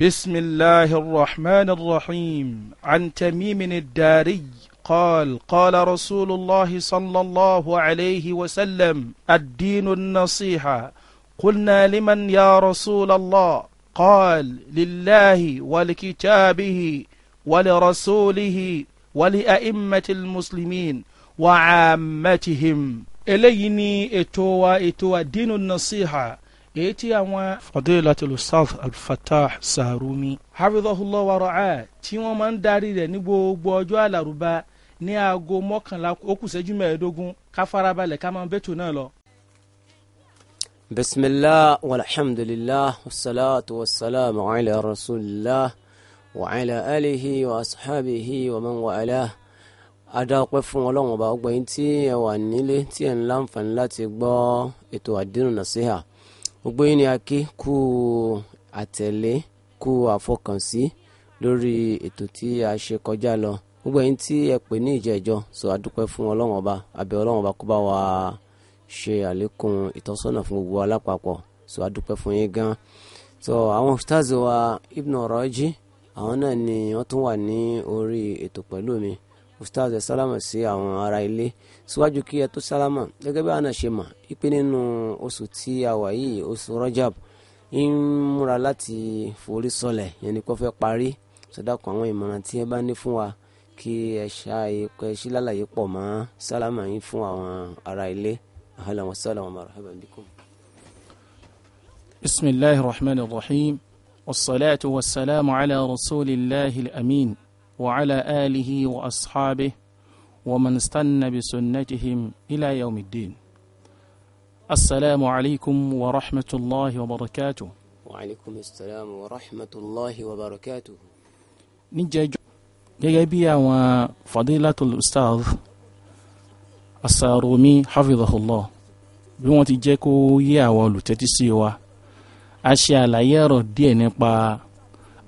بسم الله الرحمن الرحيم عن تميم الداري قال قال رسول الله صلى الله عليه وسلم الدين النصيحة قلنا لمن يا رسول الله قال لله ولكتابه ولرسوله ولأئمة المسلمين وعامتهم إليني إتوى إتوى دين النصيحة èyí tí àwọn fadilatul ustaz alfatah sarumi hafidhahullah wa ra'ah tí wọ́n máa ń darí rẹ̀ ní gbogbo ọjọ́ àlàrúbá ní aago mọ́kànlá ó kù ìṣẹ́jú mẹ́ẹ̀ẹ́dógún ká farabalẹ̀ ká máa bẹ́tò náà lọ. bisimilah walhamdulilah wasalaatu wasalaamu ala rasulillah wa ala alihi wa ashabihi wa man wa alah adá fún Ọlọ́run ọba ọgbẹ̀yìn tí ẹ wà nílé tí ẹ ń láǹfààní láti gbọ́ ètò àdínù nàṣíhà gbogbo yín ni a kí kú àtẹ̀lé kú àfọkànsí lórí ètò tí a ṣe kọjá lọ gbogbo yín tí ẹ pè ní ìjẹ́jọ́ sọ adúpẹ́ fún ọlọ́wọ́n ọba abẹ́ ọlọ́wọ́n ọba kó bá wa ṣe àlékún ìtọ́sọ́nà fún gbogbo alápapọ̀ sọ adúpẹ́ fún yín gan so àwọn ustaz wa Ibn Raji àwọn náà ni wọ́n tún wà ní orí ètò pẹ̀lú mi ustaz salama sí àwọn ará ilé síwájú kí ẹ tó salama gẹ́gẹ́ bí àná ṣe mọ̀ ipe nínú oṣù tí a wà yìí oṣù rajab ń múra láti forí sọlẹ̀ yẹn ni kò fẹ́ parí sọdákun àwọn ìmọ̀ràn tí ẹ bá ní fún wa kí ẹ ṣá ikọ̀ ẹ sí lálàyé pọ̀ mọ́ salama yín fún àwọn ará ilé ahlan wa salama marhaban bikum. bismillahir rahmanir rahim wassalatu wassalamu ala rasulillahil amin. وعلى آله وأصحابه ومن استنى بسنتهم إلى يوم الدين السلام عليكم ورحمة الله وبركاته وعليكم السلام ورحمة الله وبركاته نجاج جايبيا وفضيلة الأستاذ السارومي حفظه الله bí wọ́n ti jẹ́ kó yé àwọn olùtẹ́tí sí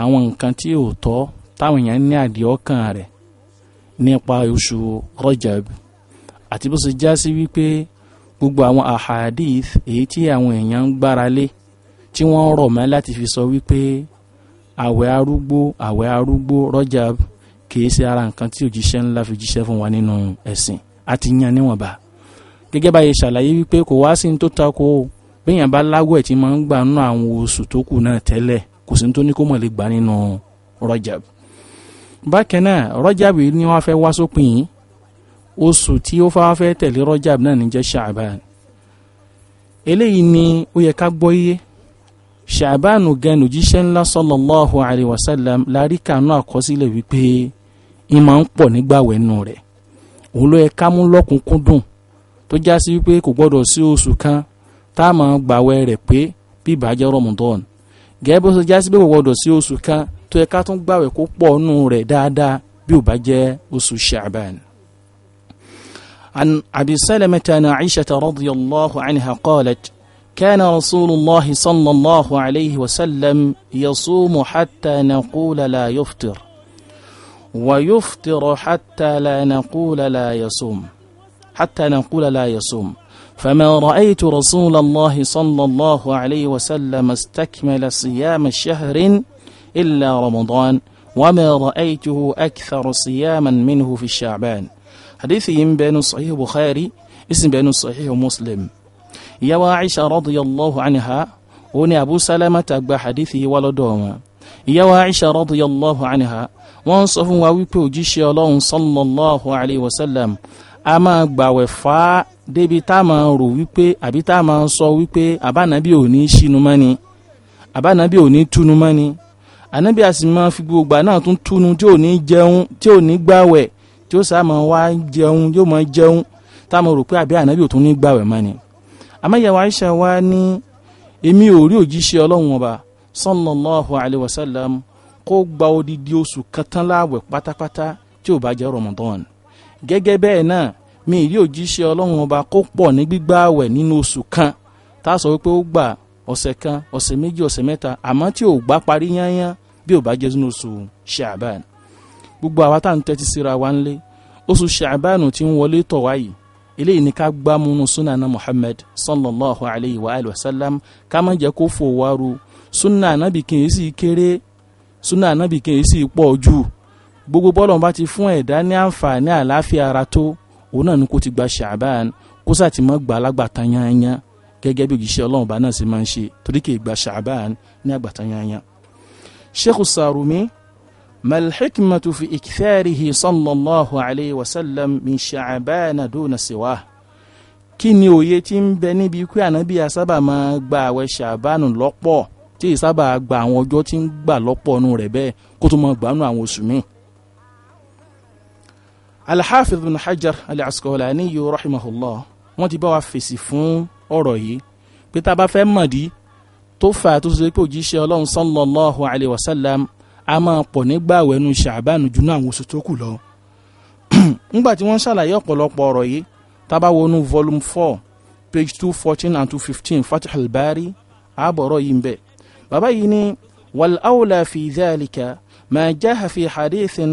àwọn nǹkan tí ò tọ́ táwọn èèyàn ní àdìẹ ọkàn rẹ̀ nípa oṣù Rajab àti bó ṣe já sí wípé gbogbo àwọn ahadith èyí tí àwọn èèyàn ń gbára tí wọ́n rọ̀ mọ́ láti fi sọ wípé àwẹ̀ arúgbó àwẹ̀ arúgbó Rajab kìí ṣe ara nǹkan tí òjíṣẹ́ ńlá fi jíṣẹ́ fún wa nínú ẹ̀sìn àti yan níwọ̀nba gẹ́gẹ́ báyìí ṣàlàyé wípé kò wá sí ní tó takò béèyàn bá láwẹ̀ tí máa ń gbà nínú àwọn oṣù tó kù náà tẹ́lẹ̀ kò sí ní tó ní kó mọ̀ lè gbà nínú Rajab bákan náà rọ́jàbù ni wọ́n fẹ́ wá sópin yìí oṣù tí ó fẹ́ wá fẹ́ tẹ̀lé rọ́jàbù náà ní jẹ́ ṣàbàn eléyìí ni ó yẹ ká gbọ́ iye ṣàbàn gan òjíṣẹ́ ńlá sallallahu alayhi wa sallam lárí kànú àkọsílẹ̀ wípé ìmọ̀ ń pọ̀ nígbàwẹ̀ nù rẹ̀ òun ló yẹ ká mú lọ́kùnkúndùn tó já sí wípé kò gbọ́dọ̀ sí oṣù kan tá a máa gbàwẹ̀ rẹ̀ pé bí ìbàjẹ́ rọ̀mùdọ́n gẹ́gẹ́ bó ṣe já sí pé kò gbọ́dọ̀ sí oṣù kan tó yẹ ká tún gbàwẹ̀ kó pọ̀ nù rẹ̀ dáadáa bí ó bá jẹ́ oṣù Sha'ban. عن أبي سلمة عن عائشة رضي الله عنها قالت كان رسول الله صلى الله عليه وسلم يصوم حتى نقول لا يفطر ويفطر حتى لا نقول لا يصوم حتى نقول لا يصوم فما رأيت رسول الله صلى الله عليه وسلم استكمل صيام شهر إلا رمضان وما رأيته أكثر صياما منه في الشعبان حديث بين صحيح بخاري اسم بين صحيح مسلم يا عائشة رضي الله عنها وني أبو سلمة أكبر حديثه ولدهما يا عائشة رضي الله عنها wọ́n sọ fún wa wípé òjíṣẹ́ ọlọ́run sallallahu alayhi wa sallam a máa gbàwẹ̀ fà á débi tá a máa rò wípé àbí sọ wípé àbánábí ò ní sínú mọ́ni àbánábí ò ní túnú mọ́ni ànábì àsìmọ́ fi gbogbo náà tún túnu tí ò ni jẹun tí ò ní gbàwẹ̀ tí ó sáà máa wá jẹun yóò máa jẹun táwọn rò pé àbí ànábì ò tún ní gbàwẹ̀ mọ́ ni. àmọ́ Aisha wa ní èmi ò rí òjíṣẹ́ ọlọ́run ọba sallallahu alayhi wa sallam kó gba odidi oṣù kan tán láàwẹ̀ pátápátá tí ò bá jẹ́ Ramadan gẹ́gẹ́ bẹ́ẹ̀ náà mi ìrí òjíṣẹ́ ọlọ́run ọba kó pọ̀ ní gbígbà àwẹ̀ nínú oṣù kan tá a sọ wípé ó gbà ọ̀sẹ̀ kan ọ̀sẹ̀ méjì ọ̀sẹ̀ mẹ́ta àmọ́ tí ò gbà parí yányán bí ò bá jẹ́ sínú oṣù ṣàbàn gbogbo àwa tá à ń tẹ́tí síra wa ńlé oṣù ṣàbàn tí ń wọlé tọ̀ wáyìí eléyìí ni ká gbámúnú sunana Muhammad sallallahu alayhi wa alihi wa sallam ká má jẹ́ kó fò wá ru sunna anabi kì í sì kéré sunna anabi kì í sì pọ̀ jù gbogbo bọ́lọ̀ bá ti fún ẹ̀dá ní àǹfààní àlàáfíà ara tó òun náà ni kò ti gba ṣàbàn kó sà ti mọ́ gbà lágbàtà yányán gẹ́gẹ́ bí òjíṣẹ́ ọlọ́run bá náà ṣe máa ń ṣe torí kì í gba ṣàbàn ní àgbàtà yányán sheikh sarumi malhikmatu fi iktharihi sallallahu alayhi wa sallam min sha'abana duna siwa kí ni òye tí ń bẹ níbi pé ànábì asábà máa gba àwẹ̀ ṣàbánù lọ́pọ̀ tí ìsábà gba àwọn ọjọ́ tí ń gbà lọ́pọ̀ nù rẹ̀ bẹ́ẹ̀ kó tó máa gbanú àwọn oṣù míì. alhafiz bin hajar al-asqalani rahimahullah wọ́n ti bá wa fèsì fún ọ̀rọ̀ yìí pé a bá fẹ́ mọ̀dí tó fà á tó ṣe pé òjíṣẹ́ ọlọ́run sallallahu alayhi wa sallam a máa pọ̀ nígbàwẹ̀ nu ṣàbánu jù náà àwọn oṣù tó kù lọ. nígbà tí wọ́n ṣàlàyé ọ̀pọ̀lọpọ̀ ọ̀rọ̀ yìí tábà wọnú volume four page two fourteen and two fifteen fatih albari àbọ̀rọ̀ yìí ń bẹ̀. bàbá yìí ni wal awla fi dhalika ma jẹ́ fi hadithin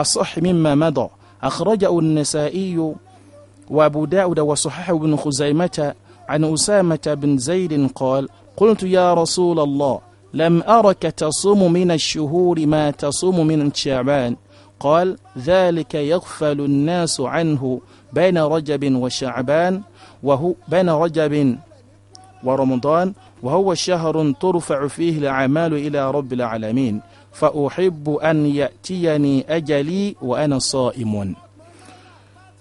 asah mamadọ̀ àkọ́rọ́jà akhrajahu an-Nasa'i wa Abu Dawud wa sahahahu ibn Khuzaymah عن أسامة بن قلت يا رسول الله لم أرك تصوم من الشهور ما تصوم من شعبان قال ذلك يغفل الناس عنه بين رجب وشعبان وهو بين رجب ورمضان وهو شهر ترفع فيه الأعمال إلى رب العالمين فأحب أن يأتيني أجلي وأنا صائم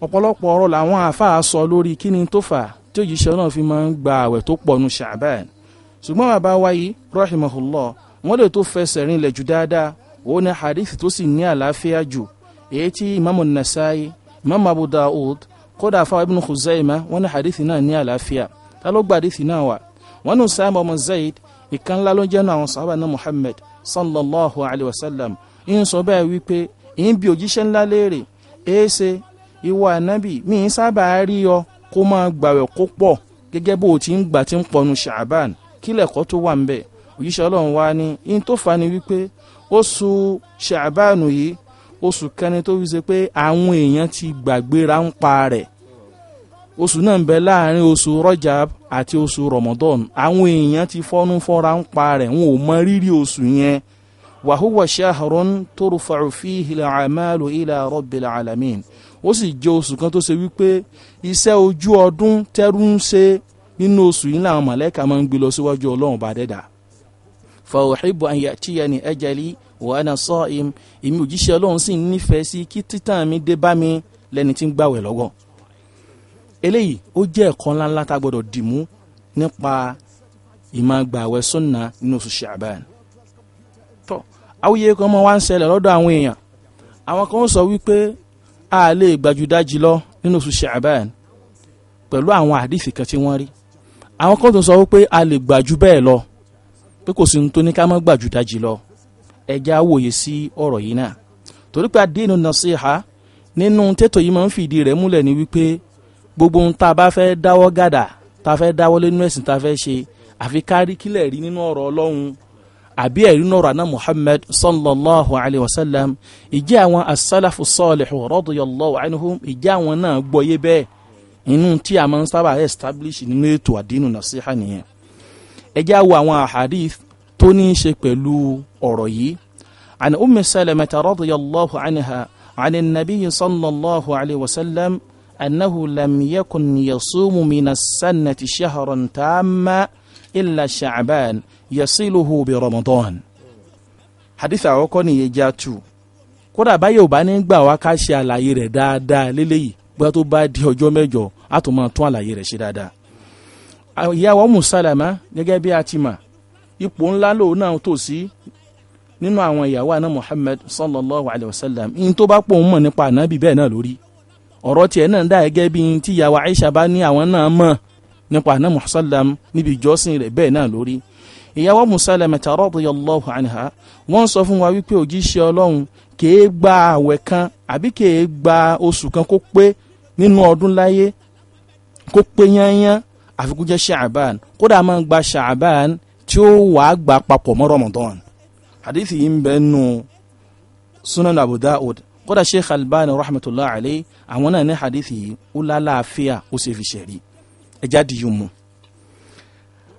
ọ̀pọ̀lọpọ̀ ọ̀rọ̀ làwọn àáfàá sọ lórí kíni tó fà tí òjíṣẹ́ náà fi máa ń gba tó pọ̀ nu ṣùgbọ́n bàbá wa yìí rahimahullah wọ́n lè tó fẹsẹ̀ rinlẹ̀ jù dáadáa òun ni hadith tó sì ní àlàáfíà jù èyí tí imaamu nasaayi imaamu abu daoud kódà fáwọn ibn khuzaima wọ́n ní hadith náà ní àlàáfíà ta ló gba hadith náà wá wọ́n ní sáà mọmọ zayd ìkan ńlá ló jẹ́nu àwọn sàhábà náà muhammad sallallahu alayhi wa sallam ń sọ bẹ́ẹ̀ wípé ń bi òjíṣẹ́ ńlá léèrè èèṣe ìwọ ànábì mi ń sábà rí ọ kó máa gbàwẹ̀ kó pọ̀ gẹ́gẹ́ bó ti ń gbà tí ń pọnu ṣàbàn kílẹ̀kọ́ tó wà ń bẹ̀ òjíṣẹ́ ọlọ́run wá ní in tó fa ni wípé oṣù ṣàbánu yìí oṣù kẹni tó fi ṣe pé àwọn èèyàn ti gbàgbéra ń pa rẹ̀ oṣù náà ń bẹ láàrin oṣù Rajab àti oṣù Ramadan àwọn èèyàn ti fọ́nú fọ́ra ń pa rẹ̀ wọn ò mọ rírì oṣù yẹn wàhúwà ṣáhàrún tó rufa òfin ilẹ̀ àmàlù ila rabbil alamin ó sì jẹ́ oṣù kan tó ṣe wípé iṣẹ́ ojú ọdún tẹ́rù ń ṣe nínú oṣù yìí làwọn mọ̀lẹ́kà máa ń gbé lọ síwájú ọlọ́run bá dẹ́dà fàwọ̀hìbò àyàtìyàní ẹ̀jẹ̀lì wàhánà sọ́ọ̀ìm èmi òjíṣẹ́ ọlọ́run sì nífẹ̀ẹ́ sí kí títàn mi dé bá mi lẹ́ni tí ń gbàwẹ̀ lọ́wọ́ eléyìí ó jẹ́ ẹ̀kọ́ ńláńlá tá a gbọ́dọ̀ dìmú nípa ìmàgbàwẹ̀ sunna nínú oṣù ṣàbàn tó awuyẹ kan máa wá ń ṣẹlẹ̀ lọ́dọ̀ àwọn èèyàn àwọn kan sọ wípé a lè gbàjúdájì lọ nínú oṣù ṣàbàn pẹ̀lú àwọn àdìsí kan tí wọ́n rí àwọn kan tó sọ wípé a lè gbàjú bẹ́ẹ̀ lọ pé kò sí ní tó ní ká má gbàjú dájì lọ ẹja wòye sí ọ̀rọ̀ yìí náà torí pé adéènù nasiha nínú tètò yìí máa ń fìdí rẹ̀ múlẹ̀ ní wípé gbogbo ohun tá a bá fẹ́ dáwọ́ gàdà tá a fẹ́ dáwọ́ lé ẹ̀sìn tá a fẹ́ ṣe àfi kárí kílẹ̀ rí nínú ọ̀rọ̀ ọlọ́run àbí ẹ̀rí nínú ọ̀rọ̀ àná muhammad sallallahu alayhi wa sallam ìjẹ́ àwọn asálàfù sọ́ọ̀lẹ̀ radiyallahu anhum ìjẹ́ àwọn náà gbọ́yé bẹ́ẹ̀ inú tí a máa ń sábà establish nínú ètò àdínù nàṣíhà nìyẹn ẹ jẹ́ àwọn àwọn ahadith tó ní í ṣe pẹ̀lú ọ̀rọ̀ yìí عن أم سلمة رضي الله عنها عن النبي صلى الله عليه وسلم أنه لم يكن يصوم من السنة شهرا تاما إلا شعبان يصله برمضان حديث àkọ́kọ́ ni yẹn já tu kódà báyọ̀ bá ní gbà wá ká ṣe àlàyé rẹ̀ dáadáa léléyìí bóyá tó bá di ọjọ́ mẹ́jọ á tún máa tún àlàyé rẹ̀ ṣe dáadáa. ìyá wa gẹ́gẹ́ bí a ti mà ipò ńlá lòun náà tò sí nínú àwọn ìyàwó àná Muhammad sallallahu alayhi wa sallam ihun tó bá pò ń mọ̀ nípa ànábì bẹ́ẹ̀ náà lórí ọ̀rọ̀ tiẹ̀ náà dá gẹ́gẹ́ bí ihun tí ìyàwó Aisha bá ní àwọn náà mọ̀ nípa àná Muhammad níbi ìjọsìn rẹ̀ bẹ́ẹ̀ náà lórí ìyàwó Musalamata radiyallahu anha wọ́n sọ fún wa wípé òjíṣẹ́ Ọlọ́run kèé gba àwẹ̀ kan àbí kèé gba oṣù kan kó pé nínú ọdún láyé kó pé yányán àfi kó jẹ́ ṣàbàn kódà a máa gba ṣàbàn tí ó wà á gbà papọ̀ mọ́ Ramadan hadith yìí ń bẹ nù sunan Abu Dawud kódà Sheikh Albani rahmatullahi alayhi àwọn náà ní hadith yìí ó lálàáfíà ó sì fi ṣẹ̀rí ẹja di yìí mu.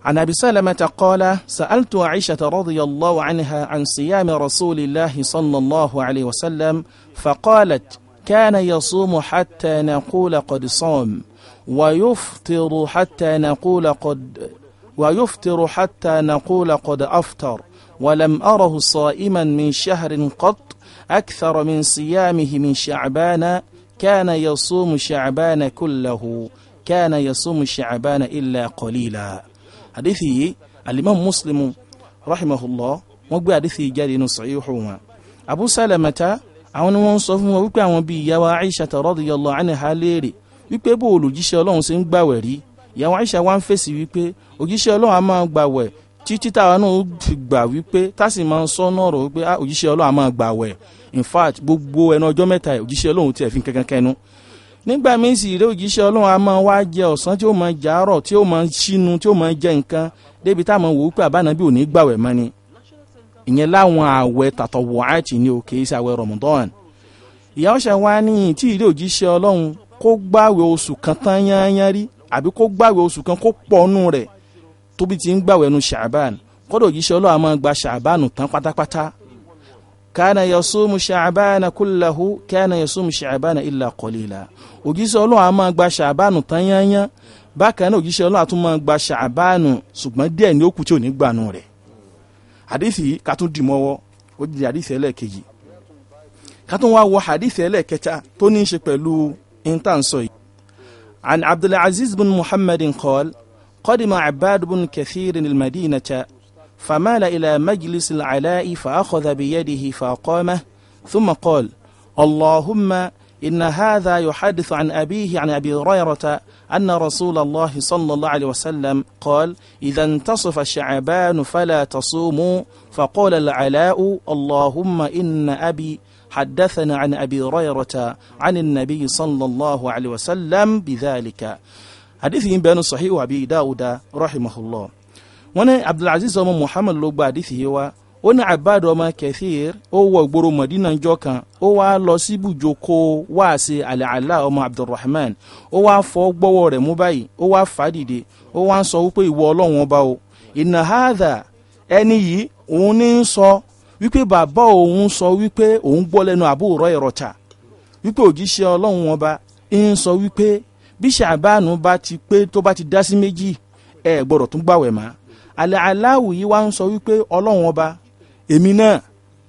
عن أبي سلمة قال سألت عائشة رضي الله عنها عن صيام رسول الله صلى الله عليه وسلم فقالت كان يصوم حتى نقول قد صام ويفطر حتى نقول قد ويفطر حتى نقول قد أفطر ولم أره صائما من شهر قط أكثر من صيامه من شعبان كان يصوم شعبان كله كان يصوم شعبان إلا قليلا حديثي الإمام مسلم رحمه الله مو حديثي جاري نصعيه حوما أبو سلمة àwọn ni wọ́n ń sọ fún wọn wípé àwọn bíi ìyàwó Aisha radiyallahu anha léèrè wípé bó olùjíṣẹ́ ọlọ́run ṣe ń gbàwẹ̀ rí ìyàwó Aisha wá ń fèsì wípé òjíṣẹ́ ọlọ́run á máa gbàwẹ̀ títí táwa náà fi gbà wípé tásì máa ń sọ náà rò wípé ah, òjíṣẹ́ ọlọ́run á máa gbàwẹ̀ in fact gbogbo ẹnu ọjọ́ mẹ́ta òjíṣẹ́ ọlọ́run tiẹ̀ fi kankan kẹnu nígbà míì sì rẹ òjíṣẹ́ ọlọ́run a máa wá jẹ ọ̀sán tí ó máa jàárọ̀ tí ó máa ṣínú tí ó máa jẹ nǹkan débi táwọn wò ó pé àbánabí ò ní gbàwẹ̀ mọ́ ni ìyẹn láwọn ààwẹ̀ tàtọ̀wọ̀ àti ni òkè iṣẹ́ ààwẹ̀ Ramadan ìyá ọ̀sẹ̀ wa ní tí ilé òjíṣẹ́ ọlọ́run kó gbàwẹ̀ oṣù kan tán yányán rí àbí kó gbàwẹ̀ oṣù kan kó pọ̀nù rẹ̀ tóbi ti ń gbàwẹ̀ nu ṣàbàn kọ́dọ̀ òjíṣẹ́ ọlọ́run a máa gba ṣàbàn tán pátápátá kana yasumu ṣàbàn kullahu kana yasumu ṣàbàn illa qalila òjíṣẹ́ ọlọ́run a máa gba ṣàbàn tán yányán bákan náà òjíṣẹ́ ọlọ́run a tún máa gba ṣàbàn ṣùgbọ́n díẹ̀ ni ó kù tí ò ní gbànú rẹ̀ àdìsí ká tún dì mọ́wọ́ ó di àdìsí ẹlẹ́ẹ̀kejì ká tún wá wọ àdìsí ẹlẹ́ẹ̀kẹta tó ní í ṣe pẹ̀lú intanso yìí. عن عبد العزيز بن محمد قال قدم عباد بن كثير المدينة فمال إلى مجلس العلاء فأخذ بيده فأقامه ثم قال اللهم إن هذا يحدث عن أبيه عن أبي هريرة أن رسول الله صلى الله عليه وسلم قال إذا انتصف شعبان فلا تصوموا فقال العلاء اللهم إن أبي حدثنا عن أبي هريرة عن النبي صلى الله عليه وسلم بذلك حديث بيان صحيح أبي داود رحمه الله وانا عبد العزيز محمد لو بعديه ó ní abad ọmọ kẹfìr ó wọ ìgboro mọ̀dínà ńjọ́ kan ó wá lọ sí ibùjókò wáàsí àlàálà ọmọ abdulrahman ó wá fọ́ gbọ́wọ́ rẹ̀ mú báyìí ó wá fà á dìde ó wá ń sọ wípé ìwọ ọlọ́run ọba o ìnà hádà ẹni yìí òun ní ń sọ wípé bàbá òun sọ wípé òun gbọ́ lẹ́nu àbúrò ìrọ̀tà wípé òjíṣẹ́ ọlọ́run ọba ń sọ wípé bí ṣàbánu bá ti pé tó bá ti dá sí méjì ẹ gbọ́dọ̀ tún gbàwẹ̀ mọ́ àlàálà yìí wá ń sọ wípé ọlọ́run ọba èmi náà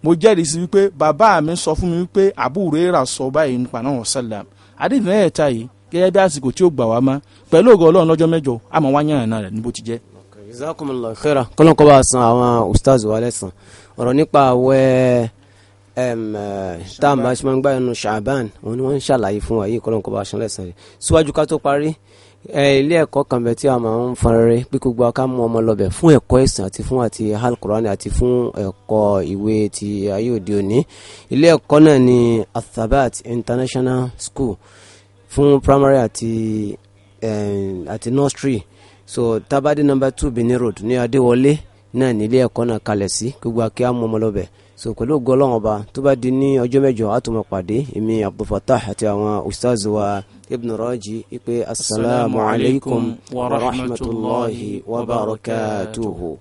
mo jẹ́rìí sí wípé bàbá mi sọ fún mi wípé Abu Hurairah sọ báyìí nípa náà sálàm àdéhùn náà ẹ̀ta yìí gẹ́gẹ́ bí àsìkò tí ó gbà wá má pẹ̀lú ògo Ọlọ́run lọ́jọ́ mẹ́jọ àmọ́ wá yànnà rẹ̀ níbo ti jẹ́. jazakumullahu khaira kọ́lọ́n bá a san àwọn ustaz wa lẹ́sàn ọ̀rọ̀ nípa àwẹ̀ eh, tá a máa ṣe máa ń gbà nínú ṣàbán òun ni wọ́n ń ṣàlàyé fún wa yìí kọ́lọ́n kọ́ bá a san lẹ́sàn rẹ̀ síwájú ká tó parí ilé ẹ̀kọ́ kan bẹ̀ tí a máa ń fanrẹ́rẹ́ pé gbogbo aká mú ọmọ lọ́bẹ̀ fún ẹ̀kọ́ ẹ̀sìn àti fún àti alukurani àti fún ẹ̀kọ́ ìwé ti ayé òde òní ilé ẹ̀kọ́ náà ni Athabat International School fún primary àti àti nursery so tabade number two Benin Road ní Adéwọlé náà nílé ẹ̀kọ́ náà kalẹ̀ sí gbogbo akẹ́ bẹ̀ so pẹ̀lú gọlọ́n ọba tó bá di ní ọjọ́ mẹ́jọ àtúmọ̀ pàdé èmi abdulfatah àti àwọn ustaz wa ibn raji ipe asalaamu alaykum wa rahmatulahi wa barakatuhu.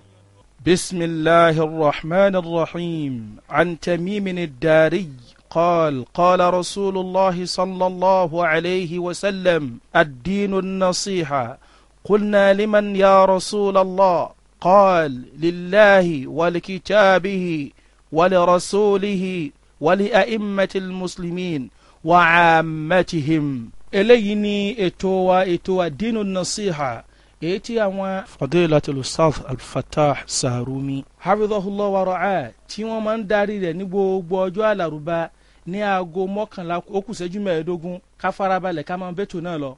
بسم الله الرحمن الرحيم عن تميم الداري قال قال رسول الله صلى الله عليه وسلم الدين النصيحة قلنا لمن يا رسول الله قال لله ولكتابه ولرسوله ولأئمة المسلمين وعامتهم eléyìí ni ètò wa ètò àdínú nasiha èyí tí àwọn. fadila al-ustadh al-fatah sarumi. hafidhahullah wa ra'a tí wọ́n máa ń darí rẹ̀ ní gbogbo ọjọ́ àlàrúbá ní aago mọ́kànlá ó kù ìṣẹ́jú mẹ́ẹ̀ẹ́dógún ká farabalẹ̀ ká máa bẹ́tò náà lọ.